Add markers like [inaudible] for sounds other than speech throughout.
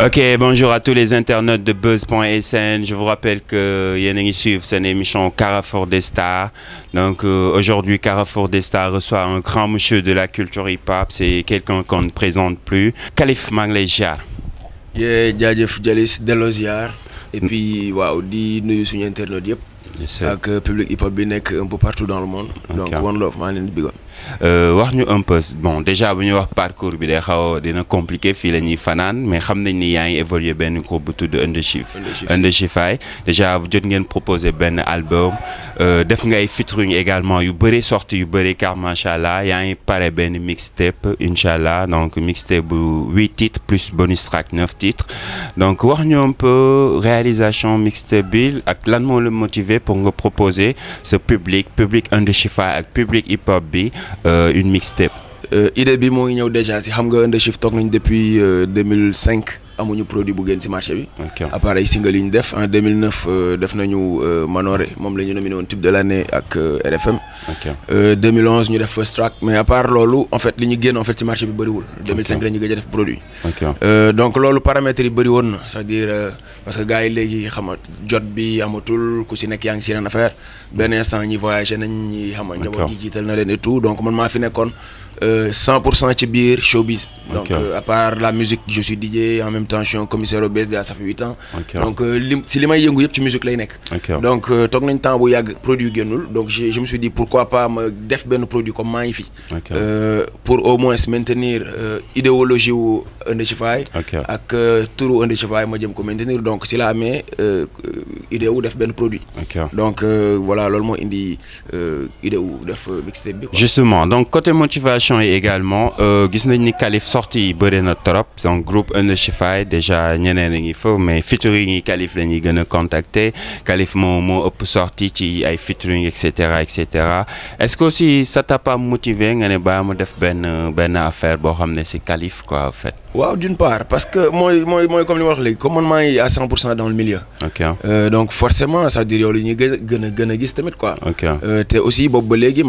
Ok, bonjour à tous les internautes de Buzz.sn. Je vous rappelle que Yannick suivent c'est émission Carrefour des Stars. Donc euh, aujourd'hui, Carrefour des Stars reçoit un grand monsieur de la culture hip-hop. C'est quelqu'un qu'on ne présente plus. Khalif Manglejar. Yeah, Djadjef jalis Delosiar. Et puis, waouh, di nous sommes internautes. Avec euh, le public hip-hop un peu partout dans le monde. Donc, one love, man, and big euh, wax un peu bon déjà buñu wax parcours bi day xaw dina compliqué fi lañuy fanane mais xamnañ ni yaay évoluer évolué benn groupe bu tudd Undershift. Undershift déjà jot ngeen proposé ben album euh, def ngay featuring également yu bëri sorti yu bëri car machallah yaay paré ben mixtape inshallah donc mixtape bu huit titres plus bonus track 9 titres donc wax un peu réalisation mixtape bill ak lan le la motiver pour nga proposer ce public public Undershift ak public hip hop bi. Euh, une mixtape. Euh, idée est déjà si xam nga The Chiffre depuis 2005. Euh, amuñu produit bu gën ci marché bi. appareil single yi def en 2009 euh, def nañu euh, Manoré mom lañu ñu nominé woon type de l'année ak euh, RFM. 2011 ñu def First Track mais à part lolu en fait liñu ñu en fait ci marché bi wul 2005 lañu ñu def produit. donc lolu paramètres yi bari woon c'est-à-dire parce que gaay légui léegi xam jot bi amatul ku si nekk yaa ngi affaire ben instant ñi voyager nañ ñi xam nga njaboot na len tout donc man ma fi euh, 100 ci biir showbiz. donc à part la musique je suis DJ en même tension commissaire au BSDA ça fait 8 ans. donc c'est euh, les li may yëngu musique lay donc euh, tant nañ temps bu produit donc je je me suis dit pourquoi pas me def produits produit comme moi ici euh, pour au moins maintenir idéologie de Ndéchifaay. ak turu Ndéchifaay ma je ko maintenir donc c'est là amee idée wu def produits produit. donc voilà c'est moo indi idée def mixtape justement donc côté motivation et également gis nañ ni sorti de notre groupe, c'est un groupe Ndéchifaay déjà ñeneen a ngi fa mais featuring yi Kalif la ñuy gën a contacter Kalif moo moo ëpp sorti ci ay featuring et cetera et cetera est-ce que aussi ça t'a pas motivé nga ne baa mu def benn benn affaire boo xam ne si Kalif quoi en fait d'une part parce que moi moi moi comme li le wax léegi comme man à 100 dans le milieu. euh, donc forcément ça veut dire que nous ñuy gën quoi. ok euh, aussi boobu ba léegi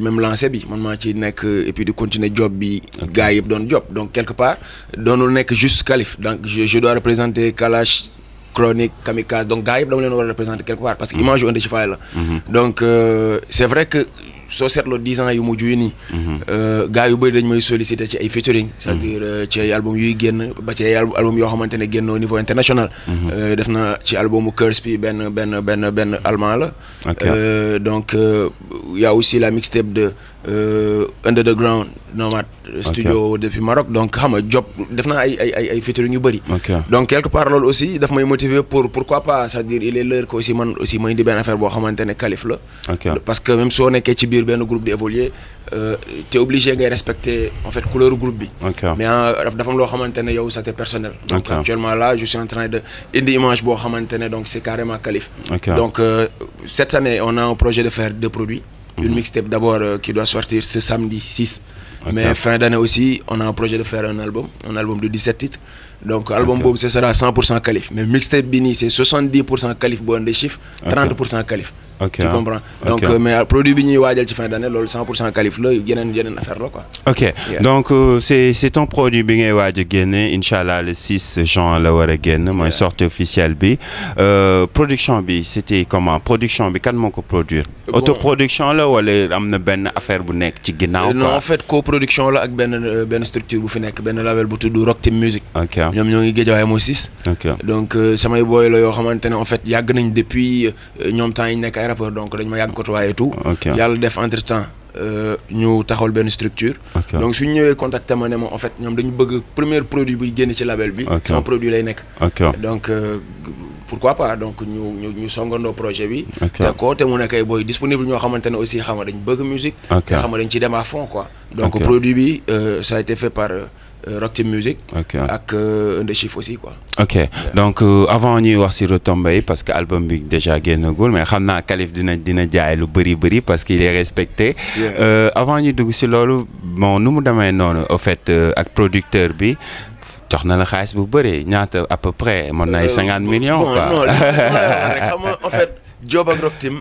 même lancé bi man et puis de continuer job bi. Okay. gars job donc quelque part doonul nekk juste Kalif donc je dois représenter Kalash. chronique kamikaze donc gars yëpp le leen représenter quelque part parce qu'il mange mhm. un indi mhm. donc euh, c'est vrai que soo seetloo 10 ans yu mujj yi mhm. euh gars yu bëri dañ may solliciter ci ay featuring. c'est-à-dire mhm. euh, ci ay album yu génn ba ci ay album yo xamantene ne au niveau international. Mhm. Euh, def na ci album Curse ben ben ben ben allemand la. Euh, donc y a aussi la mixtape de Under the Ground Nomad. studio depuis Maroc donc xam job def naa ay ay ay featuring yu bari donc quelque part lol aussi daf may motiver pour pourquoi pas c'est-à-dire il est l'heure que aussi man aussi may indi ben affaire bo xamantene ne la. parce que même on est ci bien au groupe euh, tu es obligé de respecter en fait couleur groupe bi. mais euh, dafa lo xamantene yow ça personnel. donc actuellement là je suis en train de une image bo donc c'est carrément calif donc euh, cette année on a un projet de faire deux produits. Mhm. une mixtape d'abord euh, qui doit sortir ce samedi 6. mais fin d'année aussi on a un projet de faire un album un album de 17 titres donc album bob c'est sera 100% Kalif mais mixtape bini c'est 70% Kalif bon des chiffres 30% Kalif. tu ah. comprends donc euh, mais produit bini ñuy ci fin d'année année 100% Kalif il vient yeneen affaire là quoi. ok donc euh, c'est c'est ton produit bi ngay waaj a Inch'Allah le 6 juin la wara sorti moi sortie officielle bi euh, production bi c'était comment production bi kan moo ko produire. autoproduction la wala am ben benn affaire bu nek ci quoi non en fait coproduction là avec ben ben structure bu fi nek ben label bu tudd Rock Team Music. ok nous avons ngi en MO6. donc c'est euh, booy la en fait depuis euh, ñoom temps rappeur donc et tout def entre temps euh, structure donc si nous contacté en fait premier produit bu la label bi un produit donc pourquoi pas donc nous ñu dans projet bi ko que disponible aussi musique fond quoi donc produit ça a été fait par euh, rock team music ak euh, un chiffres aussi quoi ok donc euh, avant ñuy wax si retombées parce que album est déjà génnagul mais xam Kalif dina dina jaay lu buri parce qu'il est respecté avant ñuy dugg si l'olu bon nous au fait producteur bi la bu à peu près millions Job avec Rock Team.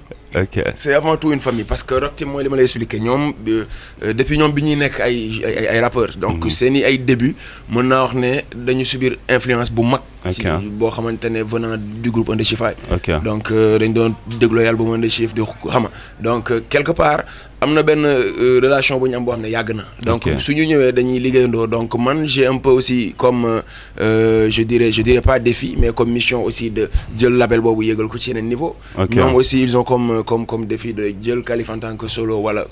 c'est avant tout une famille parce que Rock Team je li ma nous euh, depuis que nous sommes rappeurs. donc c'est mm-hmm. ni ay début mën naa wax ne subir influence Bo boo venant du groupe Underchief ay donc euh, dañ doon dégloo album ba mu Underchief di xama donc euh, quelque part amna ben euh, relation bu ñu am boo xam na donc suñu ñëwé dañuy liggéeyandoo donc man j'ai un peu aussi comme je dirais je dirais pas défi mais comme mission aussi de jël label bobu yégal ko ci un niveau ñoom aussi ils ont comme comme comme défi de jël Kalif en tant que solo wala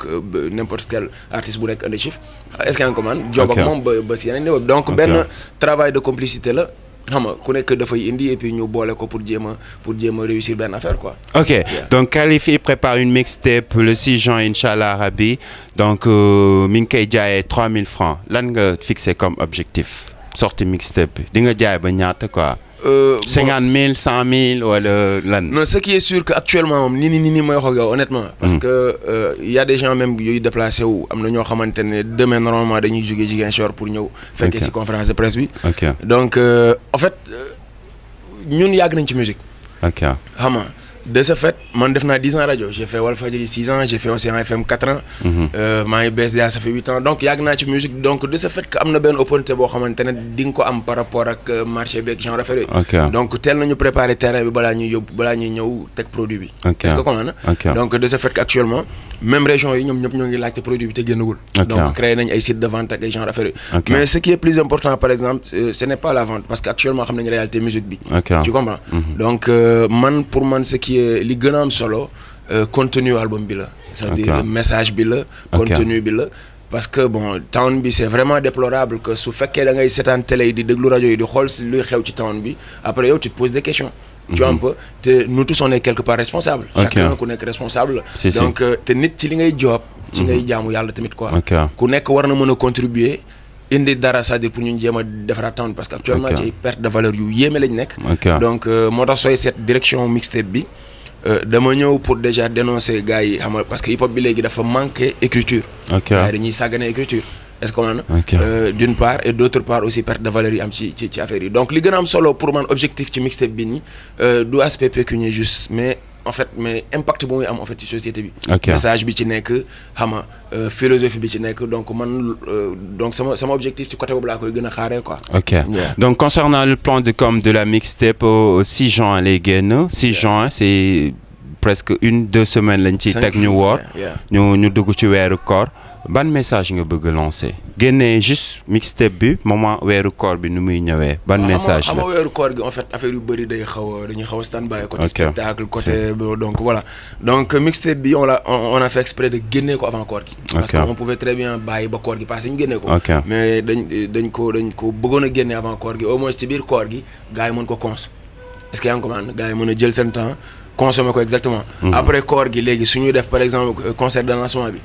n'importe quel artiste bu nekk Underchief est-ce qu'il y a un commande job ak mom ba ba niveau donc ben travail de complicité la xam nga ku nekk dafay indi et puis ñu boole ko pour jéem pour jéem réussir benn affaire quoi. ok donc Kaliphil prépare une mixtape le 6 juin inshallah allah donc mi ngi koy jaayee 3000 francs lan nga fixé comme objectif sorti mixtape bi di nga jaay ba ñaata quoi. 50 000, 100 000, ouais, le, là, ce qui est sûr qu'actuellement, ni ni ni ni moi, honnêtement, parce mm. que il euh, y a des gens qui ont déplacé ou amené demain normalement de nous juger un short pour nous faire okay. une conférence de presse. Donc, euh, en fait, nous n'y a que musique. Ok de ce fait, moi, j'ai fait 10 ans de radio. J'ai fait Wolf 6 ans, j'ai fait un FM 4 ans. Mm -hmm. euh, ça fait 8 ans. Donc, il y a une musique. Donc, de ce fait, quand j'ai une opportunité pour moi, j'ai am par rapport à euh, marché avec jean okay. Donc, tel nous préparer le terrain, nous avons fait des produits. ce que Donc, de ce fait, actuellement, même région, nous avons fait des okay. produits. Donc, créer un site de vente avec jean okay. Mais ce qui est plus important, par exemple, euh, ce n'est pas la vente. Parce qu'actuellement, nous avons une réalité musique. Tu comprends mhm. Donc, euh, man, pour moi, ce qui les li gën solo euh, contenu album bi la c'est-à-dire message bi la contenu bi la parce que bon town bi c'est vraiment déplorable que su fekkee da ngay seetaan télé di déglu rajo yi di xol si luy xew ci town bi après yow tu te poses des questions tu vois mhm. un peu te nous tous on est quelque part responsable chacun ku nekk responsable donc euh, te nit ci li ngay job ci mhm. ngay jaamu yalla tamit quoi ku nekk war na mën contribuer indi dara sa di pour ñu jema a defaraat parce que actuellement ci perte de valeur yu yéme lañ nekk donc euh, moo tax cette direction mixtape bi euh, dama ñëw pour déjà dénoncer gars yi xam parce que hip hop bi légui dafa manquer écriture gars dañuy sagane écriture est-ce que euh, d'une part et d'autre part aussi perte de valeur yi am ci ci affaire yi donc li gëna am solo pour man objectif ci mixtape bi euh, du aspect pécunier juste mais en fait mais impact bon, en fait société bi. message bi ci nek xama euh, philosophie bi ci nek donc man euh, donc sama sama objectif ci côté boobu laa koy gën a quoi. ok donc concernant le plan de com de la mixtape euh, au 6 juin les génn 6 juin c'est presque une deux semaines lañ ci teg ñu woor. ñu ñu dugg ci weeru corps ban message nga bëgg lancer génnee juste mixtape bi moment wéru koor bi nu muy ñëwé ban message la waaw koor gi en fait affaire yu bari day xaw a dañuy xaw a stand by. côté spectacle côté donc voilà. donc euh, mixtape bi on a on a fait exprès de génnee ko avant koor gi. parce qu'on pouvait très bien bàyyi ba koor gi passé ñu génnee ko. mais dañ dañ ko dañ ko bëggoon a génne avant koor gi au moins ci biir koor gi gaay yi ko cons est-ce que y ngi commande gaay yi jël sen temps consommer ko exactement. Mhm. après koor gi légui suñu def par exemple euh, concert de lancement bi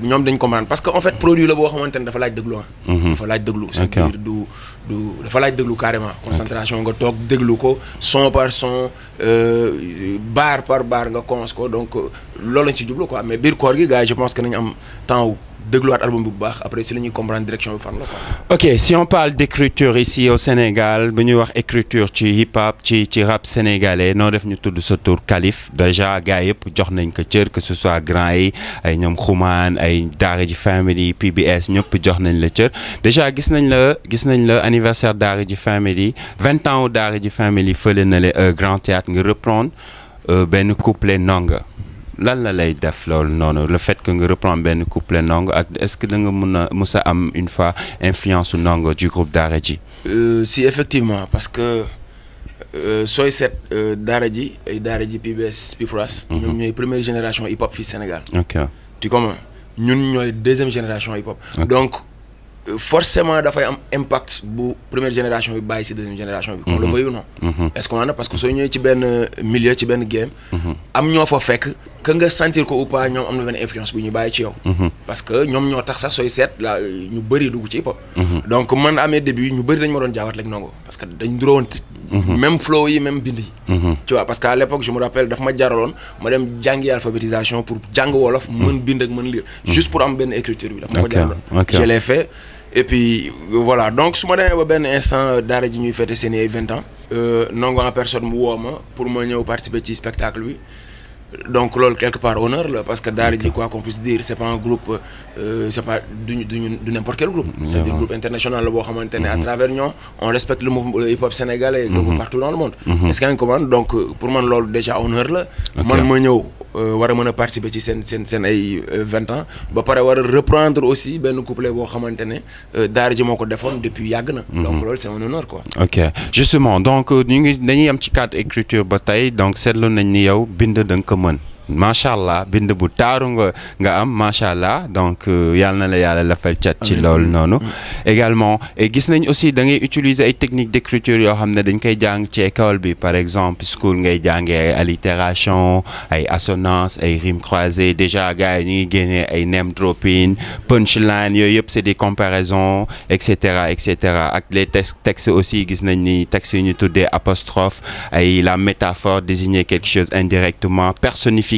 ñoom dañ comprendre parce que en fait produit le bo xamantene dafa laaj deglu ah. mhm. dafa laaj deglu c'est-à-dire du du dafa laaj deglu carrément. concentration nga tok deglu ko son par son euh, barre par barre nga cons donc euh, loolu ci quoi mais bir koor gi gars je pense que nañ am temps de album à bu après si nous comprendre direction bi fan ok si on parle d'écriture ici au Sénégal bu wax écriture ci hip hop ci ci rap sénégalais non def ñu de ce tour Kalif déjà gars yëpp jox nañ ko tour, que ce soit grand yi ay ñom khouman ay Daara Family PBS ñëpp jox nañ la tour. déjà gis nañ la gis nañ la anniversaire Daara Family 20 ans u Daara ji Family feulé na le euh, Grand Théâtre nga reprendre ben couplet Nanga lan la lay def le fait que nga reprendre ben couplet Ndongo ak est-ce que da nga mun am une fois influence du groupe Daraji euh, si effectivement parce que soit euh, soy euh, Daara et Daraji Daara PBS Pifras. Mhm. ñoom première génération hip hop fi Sénégal. ok tu comprends ñun ñoy deuxième génération hip hop. donc forcément dafay am impact bu première génération bi bàyyi ci deuxième génération bi. on le voyou non. est-ce qu'on en a parce que soo ñëw ci ben milieu ci ben game. Mhm. am ñoo fa fekk. que nga sentir ko ou pas ñom am na ben influence bu ñu bàyyi ci yow. Mhm. parce que ñom ñoo tax sax soy set la ñu bari dug ci hip mhm. donc man amé début ñu bari dañ ma doon jaawaat rek nongo parce que dañ duroon même flow yi même bindi tu vois parce que à l'époque je me rappelle daf ma jaralon ma dem jàngi alphabétisation pour jàng wolof. meun bind ak meun lire. juste pour am ben écriture bi daf ma ko je l'ai fait et puis euh, voilà donc ce matin eu ben instant d'arrêt d'une fête c'est 20 ans euh, non grand personne moi pour moi participer au spectacle donc loolu quelque part honneur parce que Dari dit quoi qu'on puisse dire c'est pas un groupe euh, c'est pas de n'importe quel groupe cest un groupe international à mhm. travers nous on respecte le mouvement hip-hop sénégalais mhm. partout dans le monde mhm. est-ce une commande donc euh, pour moi loolu déjà honneur là man ma ñëw euh, war a participer ci ans ba pour avoir reprendre aussi ben couplet boo xamante ne daara dit depuis yàgg donc c'est un honneur quoi ok justement donc nous avons dañuy am cadre écriture bataille donc c'est le ni yow bind teman macha allah bind bu taaru nga nga am macha allah donc euh, yàlla na la yàlla fal chat ci lol noonu. Mm. également et gis nañ aussi da ngay utiliser ay techniques d'écriture yoo xam ne dañ koy jang ci école bi par exemple school ngay jàngee ay allitération ay assonance ay rimes croisées déjà gars yi ñu ay name dropping punchline yo yep c'est des comparaisons et cetera et cetera ak les textes aussi gis nañ ni textes ñu tuddee apostrophe ay la métaphore désigner quelque chose indirectement personnifie.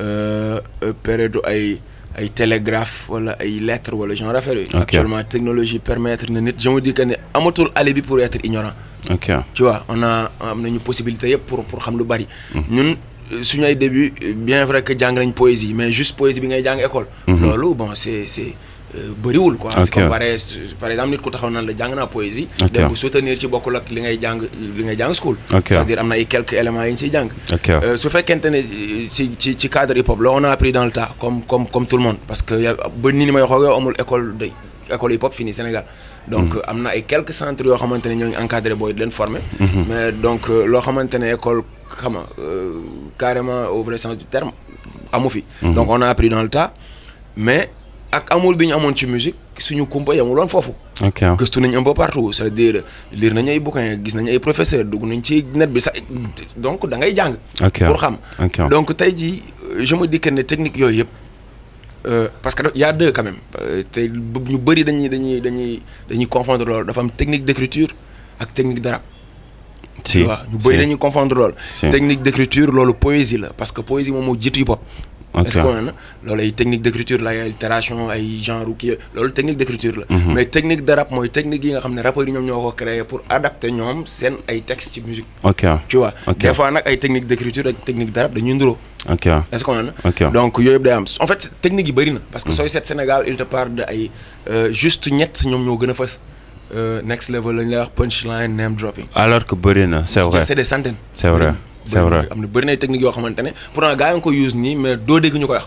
Euh, euh, période ay ay télégraphe wala ay lettres wala genre affaire actuellement technologie permettre na nit je me dis que ne amatul alibi pour être ignorant. tu vois on a am nañu possibilité yëpp pour pour xam lu bari. Mm. ñun euh, suñu ay début bien vrai que jang nañ poésie mais juste poésie bi ngay jang école. Mm-hmm. lolu bon c'est c'est euh, bëriwul quoi c'est comme par exemple nit ko taxaw naan la jang na poésie dem bu soutenir ci bokul ak li ngay jang li ngay jang school c'est-à-dire amna ay quelques éléments yi ñu siy euh, su fekkente ne ci ci ci cadre hip hop là on a appris dans le tas comme comme comme tout le monde parce que ba ni ni may wax amul école de école hip hop fini Sénégal donc mm-hmm. am na ay quelques centres yo xamantene ne ñoo ngi encadré boy de leen former mm-hmm. mais donc euh, lo xamantene école xam euh, carrément au vrai sens du terme amu fi mm-hmm. donc on a appris dans le tas mais ak amul bi ñu ci musique suñu kumpa yamuloon fofu ok gëstu nañ un peu partout c'est-à-dire lire nañ ay bouquin gis nañ ay professeur dugg nañ ci net bi donc da ngay jàng. pour xam donc tey jii je me dis que ne technique yooyu euh, parce que y a deux quand même euh, te ñu bëri dañuy dañuy dañuy dañuy confondre loolu dafa am technique d'écriture ak technique d'arabe si waaw ñu bëri dañuy confondre loolu. technique d'écriture lolu poésie la parce que poésie moom mo jitu hip hop escoin na a ay technique d'écriture la ay altération ay genre rookie loolu technique d'écriture la mhm. mais technique de rap mooy technique yi nga rappeurs yi ñoom pour adapter scène à ay texte de musique ok tu vois des fois a ay technique d'écriture une technique de rap dañuy ok est-ce qu'on a donc y a des am en fait technique yi bëri parce que mhm. sooy au Sénégal il te parle de ay euh, juste net, ñoom ñoo gën a euh, next level punchline name dropping alors que bëri na c'est vrai c'est des centaines c'est vrai c'est vrai am na bëri na technique yo xamante pourtant gars yi nga koy use ni mais do deg ñu ko wax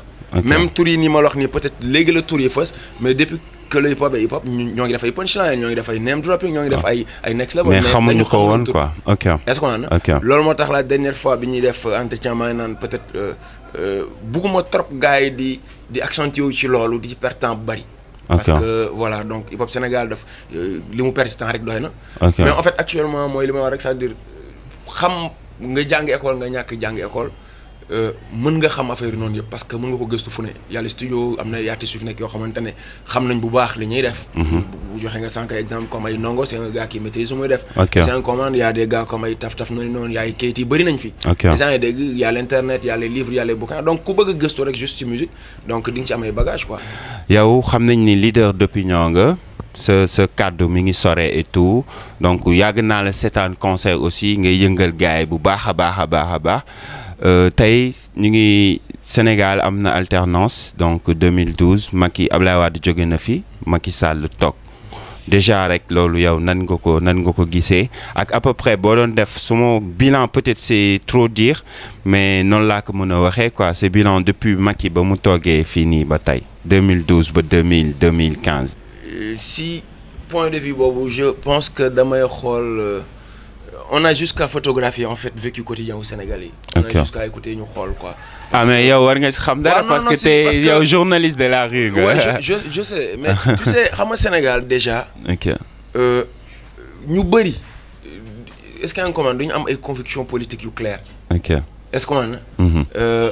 même tour yi ni ma la wax peut-être légui le tour yi fës mais depuis que le hip hop et hip hop ñoo ngi def ay punchline ñoo ngi def ay name dropping ñoo ngi def ah. ay ay next level mais xamuñu ko won quoi ok est-ce qu'on en a ok moo tax la dernière fois bi ñi def entretien maa ngi peut-être euh, euh, bugguma trop gars yi di di accentuer wu ci lolu di ci temps bari parce que voilà donc hip hop Sénégal def euh, li mu perte temps rek doyna na mais en fait actuellement moy li wax rek c'est-à-dire xam nga jàng école nga ñàkk jàng école euh, mën nga xam affaire noonu yëpp parce que mën nga ko gëstu fu ne yàlla studio am na yaati su fi nekk yoo xamante ne xam nañ bu baax li ñuy def. Mhm. bu joxe nga sànq exemple comme ay Ndongo c'est un gars qui maîtrise su muy def. ok c'est un commande y a des gars comme ay taf taf noonu noonu yaay kayit yi bëri nañ fi. ok les gens yi dégg y a l'internet y a les livres y a les bouquins donc ku bëgg a gëstu rek juste ci musique donc di nga ci am ay bagages quoi. yow xam nañ ni leader d'opinion nga ce ce kàddu mi ngi sore et tout donc yàgg naa la seetaan concert aussi ngay yëngal gay bu baax a baax a baax a baax euh, ngi Sénégal am alternance donc 2012 Macky Abdoulaye Wade jóge na fi Macky Sall toog déjà rek lolu yow nan nga ko nan nga ko ak à peu près bo doon def sumo bilan peut-être c'est trop dire mais non la ko mën waxé quoi c'est bilan depuis Macky ba mu togué fini ba tay 2012 ba 2000 2015 si point de vue Bobo, je pense que dans damay xool euh, on a jusqu'à photographier en fait vécu quotidien au Sénégalais. on a jusqu'à écouter nos rôles quoi. ah mais yow war nga xam dara. parce que t'es es journaliste de la rue. ouais je je sais mais [laughs] tu sais xam Sénégal déjà. ok euh, ñu bëri est-ce qu'il y a une am ay convictions ok est-ce qu'on a. Mhm. Euh,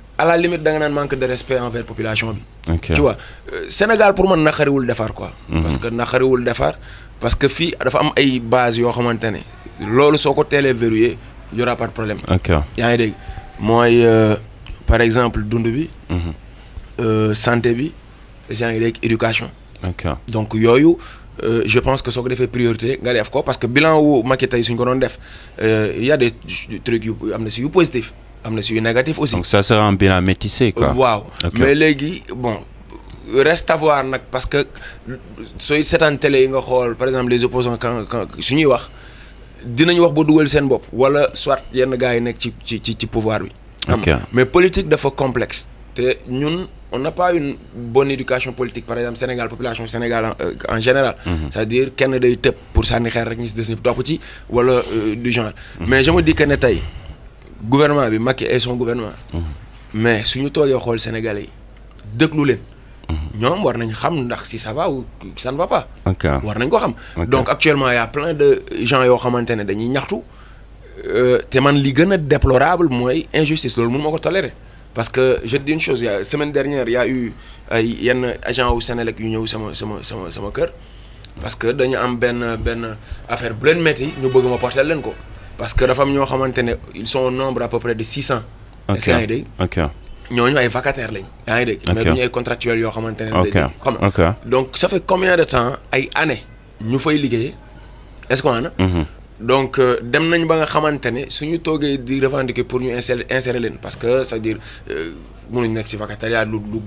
à la limite d'un manque de respect envers population Okay. tu vois euh, Sénégal pour man naxariwul defar quoi. Mm -hmm. parce que n'a rien defar parce que fi dafa am ay base yo xamantene lolu soko le ko teelee verrouillé y aura pas de problème. ok yaa ngi dégg euh, par exemple d'une bi. Mm santé bi yaa ngi dégg éducation. donc yo Euh, je pense que soo ko priorité nga quoi parce que bilan ou Macky tey suñ ko euh, y a des trucs yu am négatif aussi. donc ça sera un bilan métissé quoi. mais légui bon reste à voir parce que soy un télé par exemple les opposants quand quand suñuy wax dinañ wax bo dugal sen bop wala soit yenn gars nek ci ci ci pouvoir mais politique dafa complexe. on n'a pas une bonne éducation politique par exemple Sénégal population Sénégal en euh, général. Mhm. c'est-à-dire qu'il day a pour rek des top ci wala euh, du genre. Mhm. mais je me dis que ne gouvernement bi Macky et son gouvernement. mais suñu toogee xol Sénégalais yi len ñom war nañ xam ndax si ça va ou ça ne va pas. war nañ ko xam. donc actuellement y a plein de gens yo xamantene dañuy ñaxtu. Euh, té man li gëna déplorable moy injustice loolu mun ma tolérer parce que je dit dis une chose la semaine dernière y a eu ay yenn agent au sénégalais yu ñew sama sama sama sama parce que dañu am ben ben affaire bu len metti ñu bëgg ma porter leen ko parce que dafa famille ñoo ils sont au nombre à peu près de 600 cent. est-ce que ok ñooñu ay vacataires lañ. yaa ngi mais du ñu ay contractuels yoo ok donc ça fait combien de temps ay années ñu fay liguer est-ce qu'on a mhm. donc euh, dem nañ ba nga xamantene suñu togué di revendiquer pour ñu insérer insérer parce que cest dire euh, mënuñ nek ci vacataire lu lu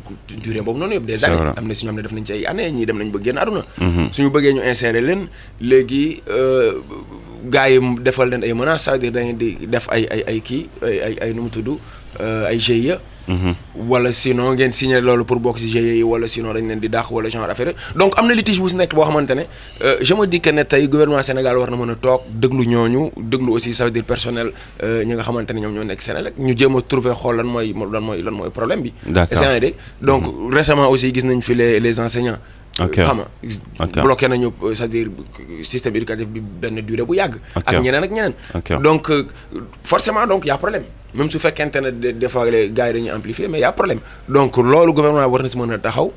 durée bobu noonu yëpp. des années am na amna def nañ ci ay années ñi dem nañ ba génn àdduna. Mhm. suñu bëggé ñu insérer leen léegi. Euh, gars yi defal len ay menaces ça à dire dañ di def ay ay ay ki ay ay ay nu mu tudd euh, ay GIE. Mhm. wala sinon ngeen signé lolu pour bok ci GIE wala sinon dañ len di dakh wala genre affaire donc amna litige bu si nekk boo xamante euh, je me dis que ne gouvernement Sénégal war na mën tok deglu déglu ñooñu déglu aussi ça veut dire personnel euh, ñi nga xamante ne ñoom ñoo nekk Sénélec ñu jéem trouver xol lan moy lan moy lan moy problème bi. d'accord donc mhm. récemment aussi gis nañ fi les les enseignants ok bloqué nañu c'est-à-dire système éducatif bi benn durée bu yag ak ñeneen ak ñeneen. donc euh, forcément donc il y' a problème même su fekkente ne des fois les gars yi dañuy amplifier mais il y' a problème donc loolu gouvernement war na si mën a taxaw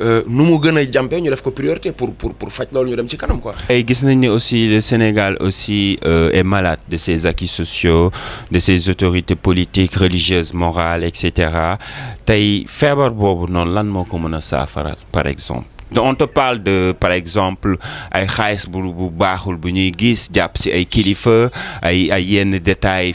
euh, nu mu gën a jàmpee ñu def ko priorité pour pour pour faj loolu ñu dem ci kanam quoi. tey gis nañ ne aussi le Sénégal aussi euh, est malade de ses acquis sociaux de ses autorités politiques religieuses morales et cetera tey feebar boobu non lan moo ko mën par exemple on te parle de par exemple ay xaalis bu bu baaxul bu ñuy gis jàpp si ay kilife, ay ay yenn détails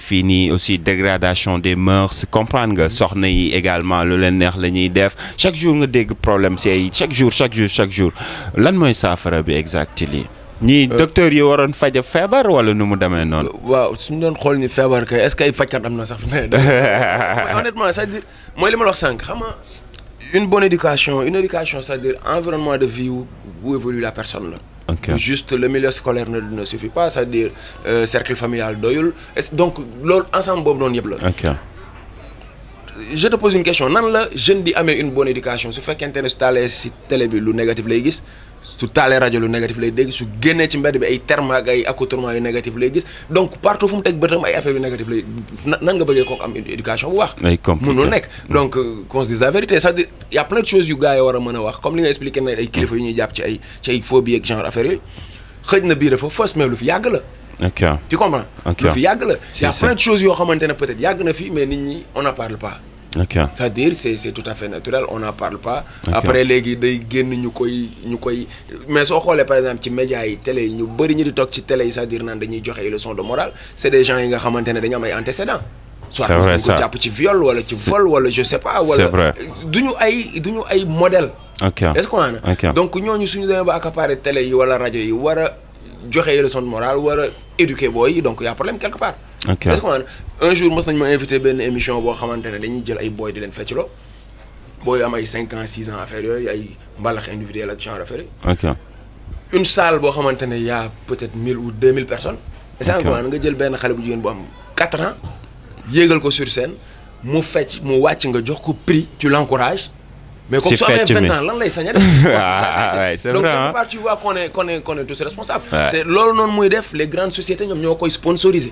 aussi dégradation des mœurs comprendre nga soxna yi également le leen neex def chaque jour nga dégg problème si chaque jour chaque jour chaque jour lan mooy saafara bi exact lii. ñii euh, docteur yi waron faja feebar wala nu mu demee non euh, waaw suñu doon xol ni feebar kay est-ce que ay fajkat amna sax. [laughs] [laughs] honnêtement ça, à dire mooy li wax sank xam nga une bonne éducation, une éducation, c'est-à-dire environnement de vie où, évolue la personne. Là. Juste le milieu scolaire ne, suffit pas, c'est-à-dire euh, cercle familial doyul. Donc, l'ensemble de okay. Je te pose une question. Non, ne dis pas une bonne éducation. Ce fait qu'Internet est si télé, le négatif, su taalee rajo lu négatif lay dégg su génnee ci mbedd bi ay terme ak ay accoutrement yu négatif lay gis donc partout fu mu teg bëtam ay affaire yu négatif lay nan nga bëggee kooku am éducation bu baax mënul nekk donc euh, qu'on se dise la vérité ça à dire y a plein de choses you gars yi war a mën wax comme li nga expliqué ne ay kilifa yu ñuy jàpp ci ay ci ay phobie ak genre affaire yooyu xëj na bii dafa fës mais lu fi la ok tu comprends lu fi yàgg Il y a plein de choses yoo xamante ne peut-être yàgg na fi mais nit ñi on n'en parle pas c'est-à-dire c'est c'est tout à fait naturel on n'en parle pas. après les day qui ñu koy ñu koy mais soo xoolee par exemple ci médias yi télé yi ñu bëri ñu di télé c'est-à-dire qu'ils dañuy des leçon de morale c'est des gens qui ont des ne dañu am ay antécédents. soit dañ ko jàpp ci viol wala ci vol wala je sais pas. wala duñu ay duñu ay modèle ok est-ce qu'on a okay. donc ñooñu suñu demee ba accaparer télé yi wala radio. Ils ont des leçons leçon de morale ils a éduquer boy donc il y a un problème quelque part. Okay. Que, un jour, je m'a invité à une émission où je suis invité à une émission où je suis invité à une 5 ans, 6 ans à faire, il y a un balak individuel à ce Une salle où je suis invité peut-être 1000 ou 2000 personnes. Et ça, je suis invité à une salle où 4 ans, je suis invité sur scène, je suis fait, je suis invité à une salle prix, tu l'encourages. Mais comme ça, même 20 ans, l'année, ça n'y a pas. Donc, quelque hein. part, tu vois qu'on est, qu est, qu est tous responsables. Ouais. Lors de nos défis, les grandes sociétés, nous avons sponsorisé.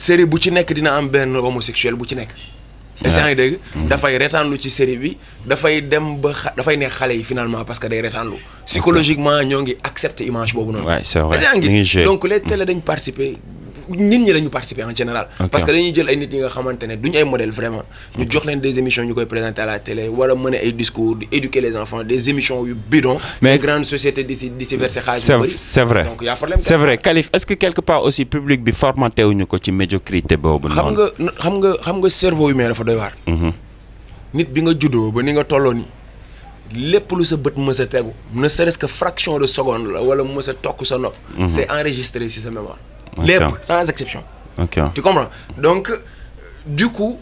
série bu ci nek dina am ben homosexuel bu ci nekk. waaw yi dégg. Mm-hmm. dafay retaanlu ci série bi fay dem ba xa dafay neex finalement parce que day retaanlu psychologiquement ñoo accepter image bobu non c'est vrai donc les télé dañ participer. Nous participons en général. parce que nous avons modèle vraiment. Nous des émissions qui présentées à la télé des discours éduquer les enfants des émissions yu bidon. mais grande société c'est vrai c'est vrai est-ce que quelque part aussi public est formaté wuñu médiocrité xam cerveau humain ne serait-ce que fraction de seconde mm-hmm. c'est enregistré sa mémoire sans exception. tu comprends donc euh, du coup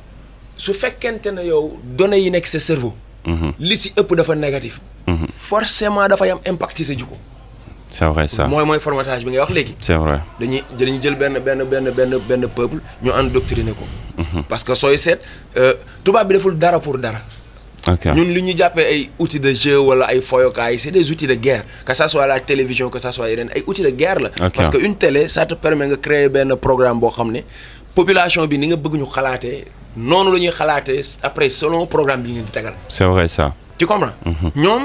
ce fait qu'un yow un yi cerveau. Mhm. li si négatif. Mhm. forcément a un impact ce sa c'est vrai ça Moi, mooy formatage bi ngay c'est vrai ben, peuple, ben, ben, ben, peuple ñu endoctriner ko. Mhm. parce que euh, pour dara. Nous, li ñu jàppee ay outils de jeu wala ay foyokaay c'est des outils de guerre que ce soit la télévision que ce soit yeneen outils de guerre parce qu'une télé ça te permet de créer un programme La population bi ni nga bëgg ñu xalaatee noonu la après selon programme bi c'est vrai ça tu comprends. Mhm. ñom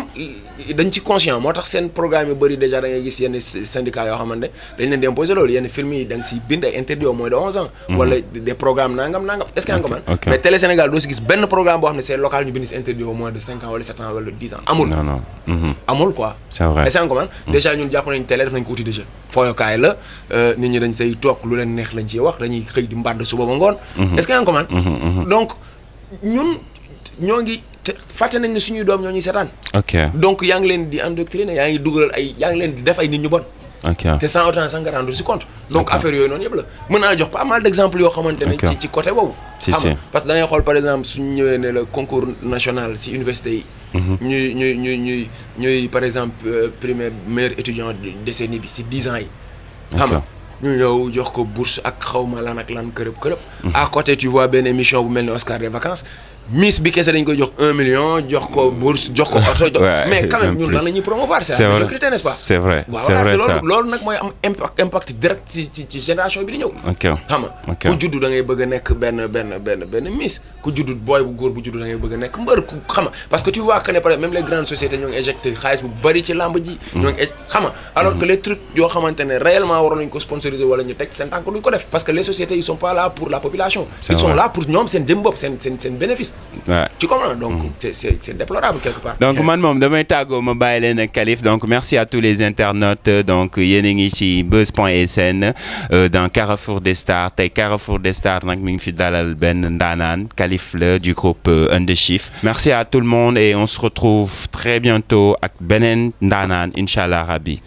dañ ci conscient motax sen programme bari déjà da nga gis yene syndicat yo xamante dañ leen di imposer loolu yene film yi da ci siy bind interdit au moins de 11 ans. Mhm. wala des programmes nangam nangam est-ce que yaa ngi mais Télé Sénégal do si gis ben programme bo xamné c'est local ñu bind si interdit au moins de 5 ans wala 7 ans wala 10 ans amul. non non mhm. amul quoi. c'est vrai est-ce que yaa ngi déjà ñun jàpp nañu télé def nañ ko outil de jeu. kay la euh, nit ñi dañ say tok lu leen neex lañ ci wax dañuy xëy di mbàdd suba ba ngone est-ce que yaa ngi donc ñun ñoo ngi faté nañ ni suñuy doom ñoo ñuy sétane ok donc ya ngi leen di endoctriner ya ngi dugalal ay ya ngi leen di def ay nit ñu bon. ok té sans autant sans garantie rendre compte. donc affaire yoy non yeb la mëna jox pas mal d'exemples yo yoo xamante ci ci côté boobu. si si parce que da ngay xol par exemple suñu ñëwé né le concours national si université yi. Mhm. ñuy ñuy ñuy ñuy ñuy par exemple euh, premier meilleur étudiant de décennie bi ci dix ans yi. xam nga ñu ñëw jox ko bourse ak xawma lan ak lan kërëb kërëb. Mhm. à côté tu vois ben émission bu melni Oscar des vacances miss bi kese dañ koy jox un million jox ko bourse jox ko oto [laughs] mais quand même ñun dañ la ñuy promouvoir c'est la critère n'est-ce pas c'est vrai c'est vrai ça loolu loolu nag mooy am impact impact direct ci ci ci génération bi di Ok. xam nga ku juddu da ngay bëgg nekk ben, ben, ben, ben miss ku juddu boy bu góor bu juddu da ngay bëgg nekk mbër ku xam nga parce que tu vois que par même les grandes sociétés ñoo ngi injecté xaalis bu bari ci lamb ji mm. ñoo xam nga alors que les trucs yo xamantene réellement waroon ñu ko sponsoriser wala ñu tek sen tank duñ ko def parce que les sociétés ils sont pas là pour la population ils sont là pour ñom sen dembop sen sen sen bénéfice tu comprends Donc, mm. c'est déplorable quelque part. Donc, man, mon demain, tago, ma baile, calife. Donc, merci à tous les internautes. Euh, donc, yenengichi, buzz.sn, euh, dans Carrefour des Stars. Et Carrefour des Stars, donc, mingfi dalal ben danan, Khalif le, du groupe euh, Merci à tout le monde et on se retrouve très bientôt avec Benen Danan, Inch'Allah Rabi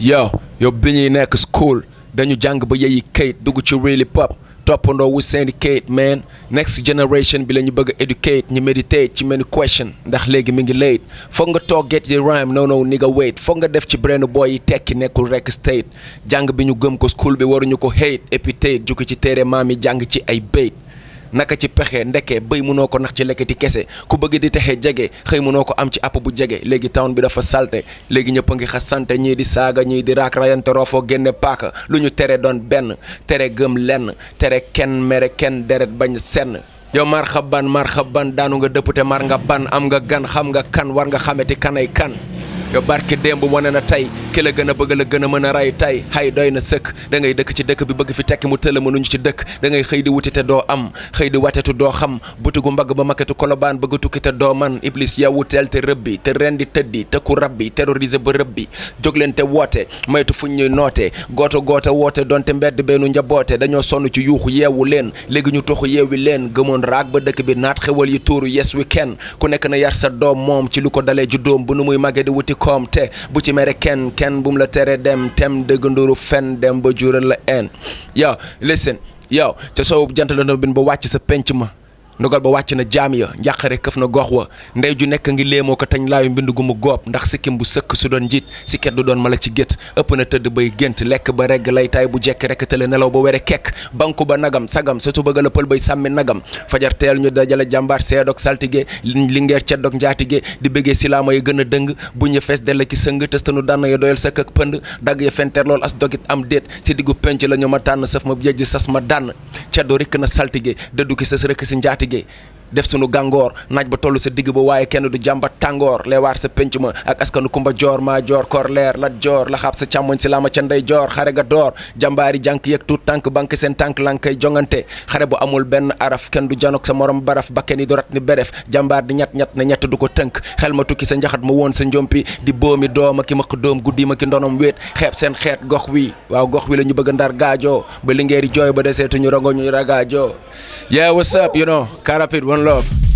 Yo, yo, Binny Neck cool. dañu jàng ba yeyi kayit dugg ci really pop toppandoo wu seeni kayit man next generation bi la ñu bëgg a educate ñu meditate ci many question ndax léegi mi ngi late foog nga toog get di no no ni nga wait foog nga def ci brain boy yi tekki nekkul rek state jàng bi ñu gëm ko school bi waruñu ko hate épithète jukki ci téere maam yi jàng ci ay bait naka ci pexe ndeke béy munoo ko nax ci lekkati kese ku bëgg di texe jege xëy munoo ko am ci app bu jege léegi town bi dafa salte léegi ñëpp a ngi xas sante ñii di saaga ñii di raak rayante roofoo génne paaka lu ñu tere doon benn tere gëm lenn tere kenn mere kenn deret bañ senn yow marxaban ban daanu nga dëpp te mar nga ban am nga gan xam nga kan war nga xameti kanay kan barke démb wane na tey ki la gën a bëgg la gën a mën a ray tey hay doy na sëkk da ngay dëkk ci dëkk bi bëgg fi tekki mu tëla mënuñu ci dëkk da xëy di wuti te doo am xëy di watetu doo xam butugu mbagg ba maketu kolobaan bëgg tukki te doo man iblis yawu teel te rëbbi te ren di tëddi te ku rabbi terrorisé ba rëbbi jóg leen te woote maytu fu ñuy noote gooto goote woote donte mbedd beenu njaboote dañoo sonn ci yuuxu yeewu leen léegi ñu toxu yeewi leen gëmoon raag ba dëkk bi naat xewal yi tuuru yes ku nekk na yar sa doom moom ci koom te bu ci mere kenn kenn bum la tere dem tem dëgg fenn dem ba jural la en yow listen yow ca soowu jant la bin ba wàcc sa penc ma ndogal ba wàcc na jaam ya njàqare këf na gox wa ndey ju nekk ngi léemoo ko teñ laayu mbind gu mu goob ndax sikkim bu sëkk su doon njiit si ket du doon mala ci gétt ëpp na tëdd bay gént lekk ba regg lay taay bu jekk rek tële nelaw ba were kekk banku ba nagam sagam sa tu bëggal a pël bay sàmmi nagam fajar teel ñu dajale jàmbaar seedoog saltige lingeer ceddoog njaatige di bëggee silaama yi gën a dëng bu ñu fees dell ki sëng tëstanu dànn ya doyal sëkk ak pënd dagg ya fenter lool as dogit am déet si diggu penc la ñu ma tànn saf ma jejj sas ma dànn ceddu rikk na saltige dëddu ki sës rëkk si njaati get. def sunu gangor naaj ba tollu sa digg ba waye kenn du tangor le war sa pénc ma ak askanu kumba jor ma jor kor leer la jor la xap sa càmmoñ ci lama ca nday jor xare ga dor jambaari jank tout tank bank sen tank lankay jongante xare bu amul ben araf kenn du janok sa morom baraf bakeni yi rat ni beref jàmbaar di ñat ñat ne ñett du ko tënk xel ma tukki sa njaxat mu won sa njompi di boomi dooma ak maq doom guddima ki ndonom wet xeeb sen xet gox wi waaw gox wi la ñu bëgg ndar gaajo ba lingeeri joy ba ñu rongo ñu yeah what's up you know one Love.